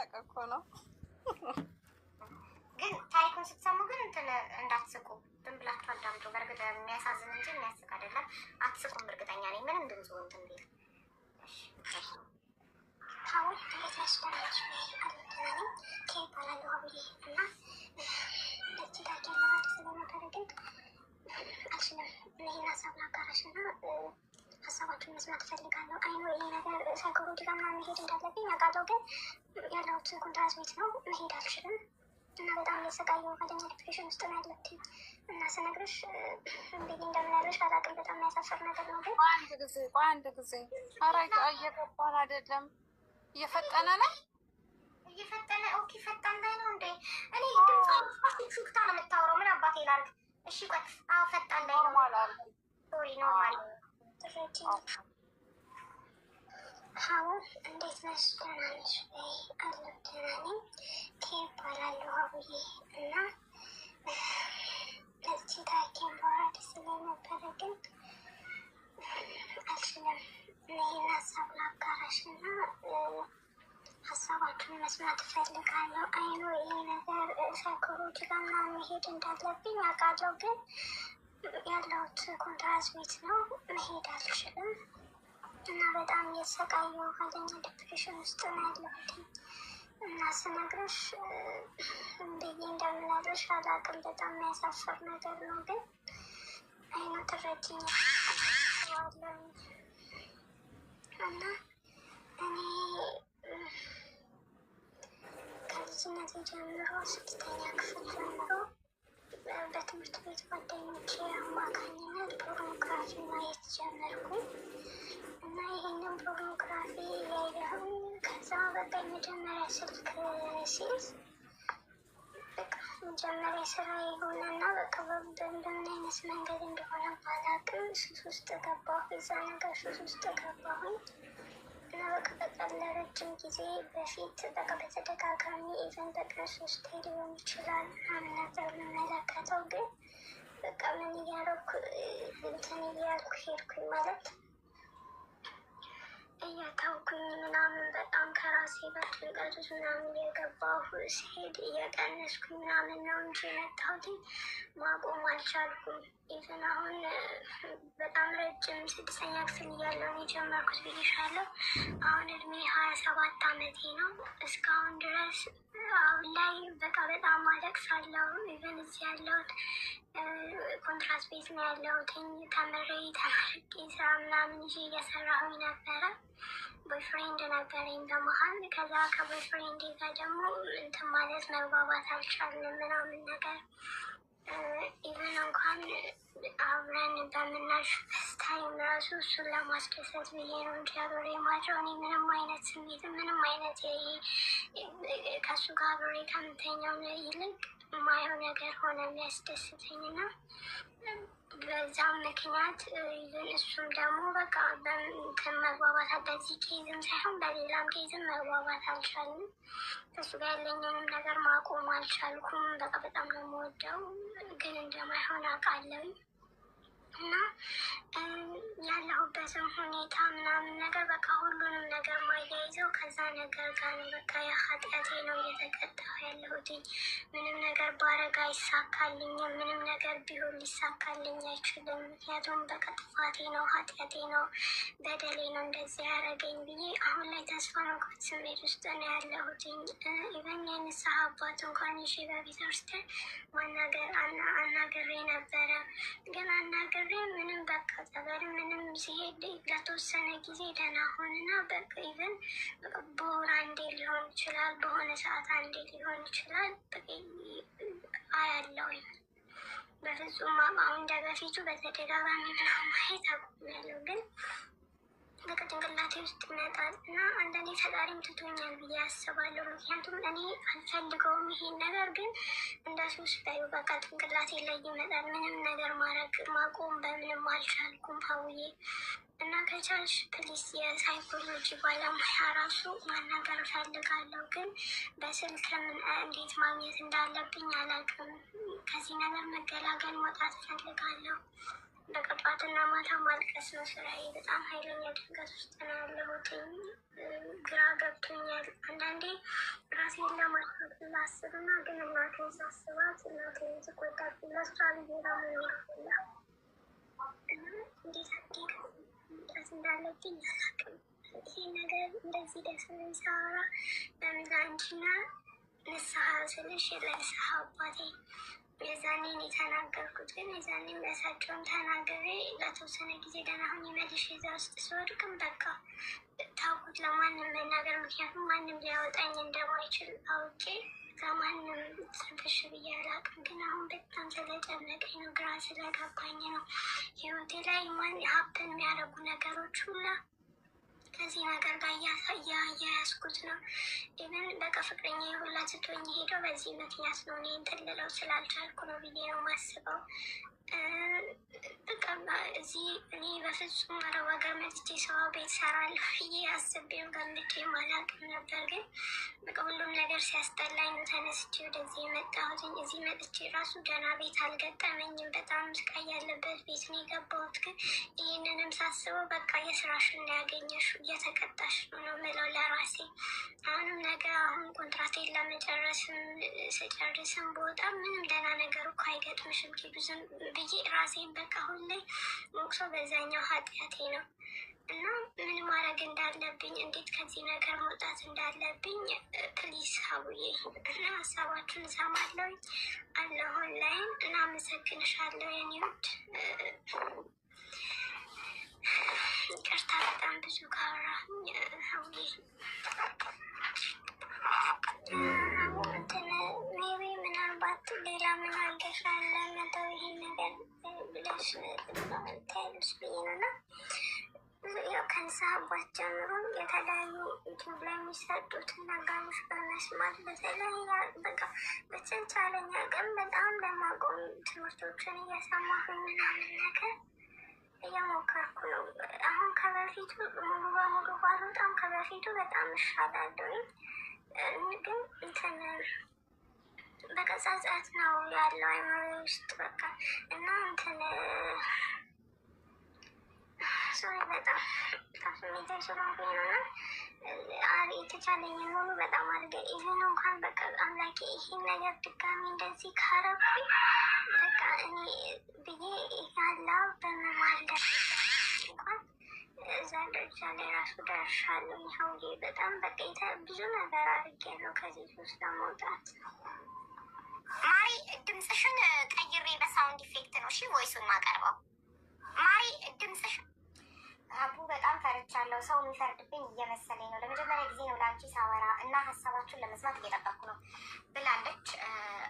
እየሳቀ እኮ ነው። ግን ታሪኩን ስትሰሙ ግን እንትን እንዳትስቁ ዝም ብላችሁ አዳምጡ። በእርግጥ የሚያሳዝን እንጂ የሚያስቅ አይደለም። አትስቁም፣ እርግጠኛ ነኝ። ምንም ድምፁ እንትን ቢል ሀውል እንዴት ያስደናች ሀሳባችሁን መስማት እፈልጋለሁ። አይኖ ይሄ ነገር ሳይኮሎጂ ጋር ምናምን መሄድ እንዳለብኝ አውቃለሁ፣ ግን ያለሁት ኮንትራት ቤት ነው መሄድ አልችልም እና በጣም እየተሰቃየሁ ጓደኛ ዲፕሬሽን ውስጥ ነው ያለብኝ እና ስነግርሽ እንዴት እንደምናለሽ አላውቅም። በጣም የሚያሳፍር ነገር ነው። ግን አንድ ጊዜ በአንድ ጊዜ ኧረ እየገባን አይደለም፣ እየፈጠነ ነው እየፈጠነ ኦኬ፣ ፈጣን ላይ ነው እንዴ? እኔ ድምፅ ሹክታ ነው የምታወራው። ምን አባቴ ላርግ? እሺ ቆይ፣ አዎ ፈጣን ላይ ነው። ሶሪ ኖርማል ሀው እንዴት ነሽ? ደህና ነሽ ወይ? አለሁ ደህና ነኝ። ይባላለሁ ሀውዬ እና ለዚህ ታኪም በኋላ ደስ ግን አልችልም። ይህን ሀሳብ ላጋራሽ እና ሀሳባችሁን መስማት እፈልጋለሁ። አይኖ ይህ ነገር ሳይኮሎጂ ጋር ምናምን መሄድ እንዳለብኝ አውቃለሁ ግን ያለሁት ኮንትራት ቤት ነው። መሄድ አልችልም እና በጣም እየተሰቃየሁ ኃይለኛ ዲፕሬሽን ውስጥ ነው ያለሁት እና ስነግርሽ ብዬ እንደምነግርሽ አላቅም። በጣም የሚያሳፍር ነገር ነው፣ ግን አይኑ ትረጅኛለሁ እና እኔ ከልጅነት ጀምሮ ስድስተኛ ክፍል ጀምሮ በትምህርት ፎቶግራፊ ማየት ጀመርኩ እና ይህንን ፖርኖግራፊ ያየሁኝ ከዛ በቃ የመጀመሪያ ስልክ ሲይዝ በቃ መጀመሪያ ስራ የሆነ እና በቃ በምን አይነት መንገድ እንደሆነ ባላቅም ሱስ ውስጥ ገባሁ። እዛ ነገር ሱስ ውስጥ ገባሁኝ እና በቃ በቃ ለረጅም ጊዜ በፊት በቃ በተደጋጋሚ ኢቨን በቀን ሶስት ሊሆን ይችላል ምናምን ነበር የምመለከተው ግን በቃ ምን እያረኩ እንትን እያልኩ ሄድኩኝ ማለት እያታውኩኝ ምናምን በጣም ከራሴ በጭንቀት ውስጥ ምናምን የገባሁ ሲሄድ እየቀነስኩኝ ምናምን ነው እንጂ የመጣሁትኝ ማቆም አልቻልኩም። ኢቨን አሁን በጣም ረጅም ስድስተኛ ክፍል እያለሁ የጀመርኩት ብዬሻለሁ። አሁን እድሜ ሀያ ሰባት አመቴ ነው። እስካሁን ድረስ አሁን ላይ በቃ በጣም አለቅሳለሁ። ኢቨን እዚህ ያለሁት ኮንትራት ቤት ነው ያለሁትኝ። ተምሬ ተመርቄ ስራ ምናምን ይዤ እየሰራሁኝ ነበረ። ቦይፍሬንድ ነበረኝ በመሀል። ከዛ ከቦይፍሬንድ ጋር ደግሞ እንትን ማለት መግባባት አልቻልንም ምናምን ነገር ኢቨን እንኳን አብረን በምናሽበት ታይም ራሱ እሱን ለማስደሰት ብዬ ነው እንጂ አብሬ ማድረው እኔ ምንም አይነት ስሜት ምንም አይነት ከእሱ ጋር አብሬ ከምተኛው ይልቅ ማየው ነገር ሆነ የሚያስደስተኝ ነው። በዛ ምክንያት እሱም ደግሞ በቃ በእንትን መግባባት በዚህ ኬዝም ሳይሆን በሌላም ኬዝም መግባባት አልቻልም። እሱ ጋር ያለኝንም ነገር ማቆም አልቻልኩም። በቃ በጣም ነው የምወደው፣ ግን እንደማይሆን አውቃለሁ። እና ያለሁበትን ሁኔታ ምናምን ነገር በቃ ሁሉንም ነገር ማያይዘው ከዛ ነገር ጋር ነው። በቃ የኃጢአቴ ነው እየተቀጣሁ ያለሁትኝ። ምንም ነገር ባረጋ አይሳካልኝም። ምንም ነገር ቢሆን ሊሳካልኝ አይችልም። ምክንያቱም በቃ ጥፋቴ ነው፣ ኃጢአቴ ነው፣ በደሌ ነው እንደዚህ ያደረገኝ ብዬ አሁን ላይ ተስፋ መቁረጥ ስሜት ውስጥ ነው ያለሁትኝ። ኢቨን የንስሐ አባት እንኳን ይዤ በቤተክርስቲያን ማናገር አናግሬ ነበረ ከዛ ምንም ሲሄድ ለተወሰነ ጊዜ ደህና ሆንና በቃ ኢቨን በወር አንዴ ሊሆን ይችላል፣ በሆነ ሰዓት አንዴ ሊሆን ይችላል። በቃ አያለው በፍጹም አሁን እንደ በፊቱ በተደጋጋሚ ምናምን ማየት ህይወቴ ውስጥ ይመጣል እና አንዳንዴ ፈጣሪም ትቶኛል ብዬ አስባለሁ። ምክንያቱም እኔ አልፈልገውም ይሄን ነገር፣ ግን እንደ ሱስ በዩ በቃ ጭንቅላቴ ላይ ይመጣል። ምንም ነገር ማድረግ ማቆም በምንም አልቻልኩም ሀውዬ እና ከቻልሽ ፕሊስ የሳይኮሎጂ ባለሙያ ራሱ ማናገር እፈልጋለሁ፣ ግን በስልክ እንዴት ማግኘት እንዳለብኝ አላውቅም። ከዚህ ነገር መገላገል መውጣት እፈልጋለሁ። መቀባትና ማታ ማልቀስ ነው ስራዬ። በጣም ኃይለኛ ጭንቀት ውስጥ ነው ያለሁትኝ። ግራ ገብቶኛል። አንዳንዴ ራሴን ለማጥፋት ላስብና ግን እናቴን ሳስባት እናቴን ትቆጣት ለሷ ብዬ ራሆን እና እንዴት አድርጌ መውጣት እንዳለብኝ አላውቅም። ይሄ ነገር እንደዚህ ደስ ብሎኝ ሳወራ ለአንቺና ንስሐ ስልሽ ለንስሐ አባቴ የዛኔን የተናገርኩት ግን የዛኔን በሳቸውን ተናገሬ ለተወሰነ ጊዜ ደህና ሆኜ መልሼ እዛ ውስጥ ስወድቅም በቃ ታውቁት ለማንም መናገር ምክንያቱም ማንም ሊያወጣኝ እንደማይችል አውቄ ከማንም ትንፍሽ ብዬ አላውቅም። ግን አሁን በጣም ስለጨነቀኝ ነው፣ ግራ ስለገባኝ ነው። ህይወቴ ላይ ማን ሀብትን የሚያደርጉ ነገሮች ሁላ ከዚህ ነገር ጋር እያያያዝኩት ነው። ኢቨን በቃ ፍቅረኛ የሁላ ትቶኝ ሄደው በዚህ ምክንያት ነው እኔ እንትን ልለው ስላልቻልኩ ነው ብዬ ነው ማስበው። በቃ እዚህ እኔ በፍጹም አረዋጋ መጥቼ ሰው ቤት ሰራለሁ ብዬ አስቤው ገምቼ አላውቅም ነበር። ግን በቃ ሁሉም ነገር ሲያስጠላኝ ነው ተነስቼ ወደዚህ የመጣሁት። እዚህ መጥቼ ራሱ ደህና ቤት አልገጠመኝም። በጣም ስቃይ ያለበት ቤት ነው የገባሁት። ግን ይህንንም ሳስበው በቃ የስራሽን ነው እየተቀጣሽ ነው ነው ለራሴ። አሁንም ነገር አሁን ኮንትራቴን ለመጨረስም ስጨርስም በወጣም ምንም ደህና ነገር እኮ አይገጥምሽም ብዙም ብዬ ራሴን በቃ አሁን ላይ ሞቅሶ በዛኛው ኃጢአቴ ነው እና ምን ማድረግ እንዳለብኝ እንዴት ከዚህ ነገር መውጣት እንዳለብኝ ፕሊስ ሀቡዬ እና ሀሳባችሁን እሰማለሁ አለሁ ላይም እና አመሰግንሻለሁ የኒውድ ይቅርታ በጣም ብዙ ካወራሁኝ ሀቡዬ የሚካሄድ ብዬ ነው እና ከንስሐ አባት ጀምሮም የተለያዩ ዩቲዩብ ላይ የሚሰጡትን ነገሮች በመስማት በተለይ በቃ በተቻለኝ አቅም በጣም ለማቆም ትምህርቶችን እየሰማሁ ምናምን ነገር እየሞከርኩ ነው። አሁን ከበፊቱ ሙሉ በሙሉ ባልወጣም ከበፊቱ በጣም እሻላለሁኝ። ግን እንትን በቀጻጻት ነው ያለው አይምሮ ውስጥ በቃ እና እንትን ሰው በጣም በጣም የሚደርሱ በጣም አድርገ ይህን እንኳን በቃ አምላኬ ይህን ነገር ድጋሚ እንደዚህ ካረኩኝ በቃ እኔ ብዬ ያላ በመማልደ እዛ ደረጃ ላይ ራሱ ደርሻለሁ። ይኸው በጣም በቃ ብዙ ነገር አድርጌያለሁ ከዚህ ውስጥ ለመውጣት። ማሪ ድምፅሽን ቀይሬ በሳውንድ ኢፌክት ነው ሺ ቮይሱን ማቀርበው እና ሀሳባችሁን ለመስማት እየጠበኩ ነው ብላለች።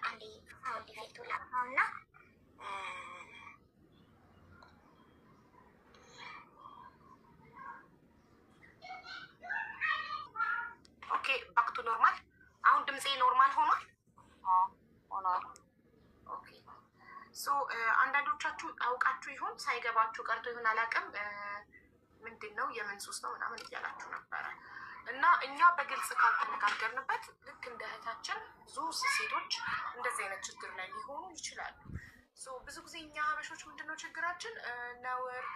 አንዴ ሳውንድ ኢፌክቱ ላጥፋው እና ኦኬ ባክቱ ኖርማል። አሁን ድምፄ ኖርማል ሆኗል ሆኗል። ሶ አንዳንዶቻችሁ አውቃችሁ ይሆን ሳይገባችሁ ቀርቶ ይሆን አላውቅም። ምንድን ነው የምን ሱስ ነው ምናምን እያላችሁ ነበረ እና እኛ በግልጽ ካልተነጋገርንበት ልክ እንደ እህታችን ብዙ ሴቶች እንደዚህ አይነት ችግር ላይ ሊሆኑ ይችላሉ። ብዙ ጊዜ እኛ ሀበሾች ምንድነው ችግራችን ነውር